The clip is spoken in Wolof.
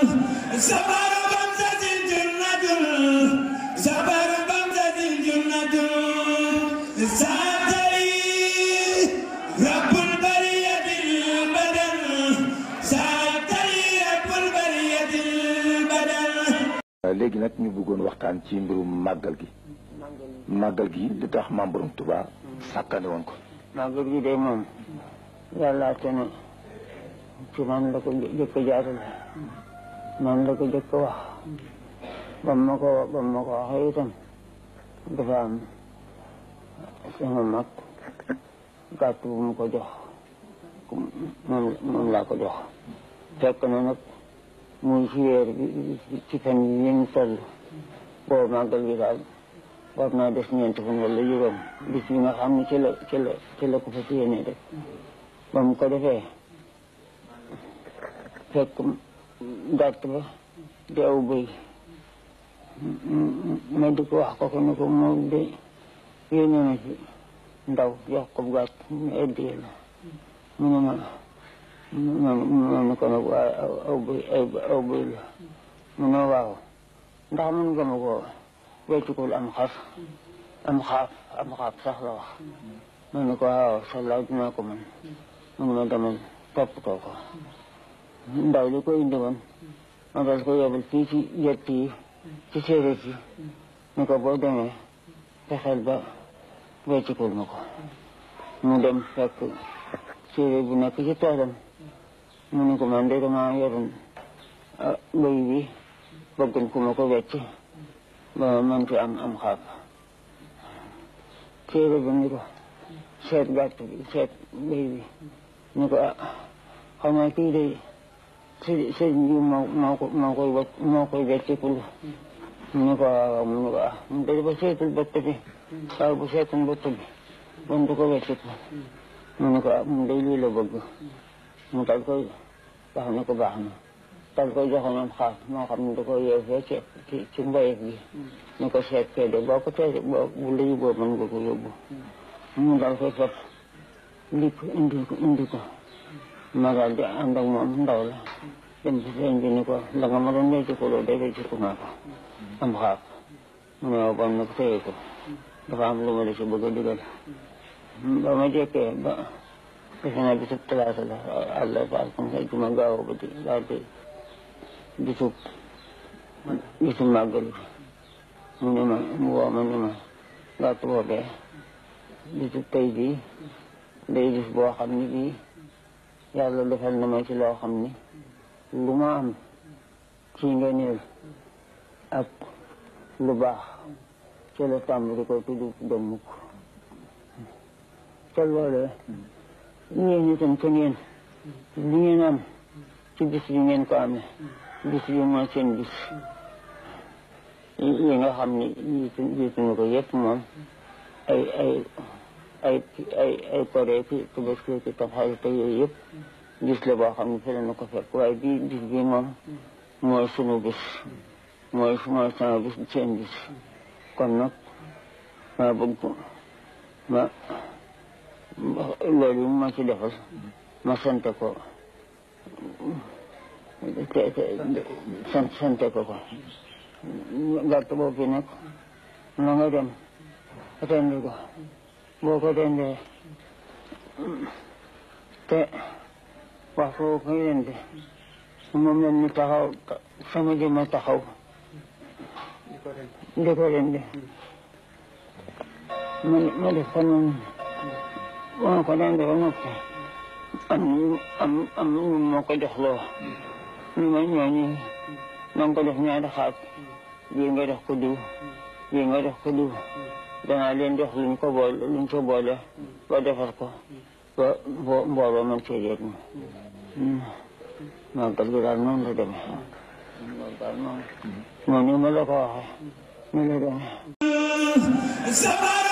سبر بمزة الجنة سبر بمزة الجنة ساتري رب البرية البدن ساتري رب البرية البدن léegi nag ñu bëggoon waxtaan ci mbirum màggal gi màggal gi li tax maam Borom Tuubaa sàkkane woon ko màggal gi day moom yàlla te ne ci man la ko jëkk jaaral moom la ko jëkk wax ba ma ko ba ma ko waxee itam dafa am sama mag gàtt bu ko jox moom laa ko jox fekk na nag muy ci weer bi ci fan yi ñu toll boo màggal bi daal war naa des ñeenti fan wala juróom bis bi nga xam ne ci la ci la ci la ko fas yéene def ba mu ko defee fekk gàtt ba di aw ma di ko wax kooku ne ko moom de yéene na ndaw jox ko gàtt mu addiyee la mu ne ma ma ko nag waaye aw bëy aw mu ne waaw ndax mën nga ma am xaf am xaaf am xaaf sax la wax ko waaw sax laa dinaa ko mu ne ma demal toppatoo ko ndaw li ko woon ma dal ko yóbbu ci yett yi ci séeréer yi ni ko boo demee fexeel ba weccikul ma ko mu dem fekk séeréer bu nekk ci toolam mu ne ko man de dama yoroon bëy bi bëggoon ku ma ko wecc ba man ci am am xaab séeréer bi ni ko seet gàtt bi seet bëy bi ni ko ah kii day sëriñ sëriñ bi moo moo ko moo koy wàcc mu ni ko waaw mu ni ko ah mu def ba seetul bët bi waaw bu seetul bët bi bon du ko wàccikul mu ni ko ah mu day lii la bëgg mu tal koy wax ni ko baax na tal koy joxoñam xaar moo xam ne da ko yeefee ci ci ci mbayeg bi ko seet kee de boo ko tee boo bu la yóbboo mën ko yóbbu mu dal koy fot indi indi ko magal di ànd ak moom ndaw la dem si sëñ bi ni ko la nga ma doon wécciku loolu day wécciku naa ko am xaar mu ne ma bon nag téye ko dafa am lu ma la si bëgg a dugal ba ma jekkee ba defe naa bisub talaata la àlla baal comme ça juma gaaw ba di daal di bisub bisub mu ne ma mu woo ma ni ma ngaa tuboobee bisub tey bii day gis boo xam ni bii yàlla defal na ma ci loo xam ne lu ma am ci ngeneel ak lu baax ci la tàmbali ko tudd doomu ko te loolu yéen itam ca ngeen li ngeen am ci bis bi ngeen ko amee bis bi mooy seen bis yi nga xam ne jiituñu ko yëpp moom ay ay ay ay ay code ci Tabaski ci Tamxarit yooyu yëpp gis la boo xam ne fële na ko fekk waaye bii gis bi moom mooy suñu gis mooy mooy sama gis seen gis kon nag maa bëgg ma loolu ma ci defal ma sant ko sant sant ko ko gàtt boobu nag na nga dem attendre ko boo ko dendee te waxtu woo ko yënde mu taxaw sama jëma taxaw di ko rende ma ma def ko noonu dendee ba am am am ñu moo ko jox loo ñu ma nga ko def ñaari xaaj nga def ko diw nga def ko danaa leen def luñ ko boole luñ ko boole ba defar ko ba mbooloo mën cee jot moom màggal gi daal noonu la demee noonu ma la ko waxee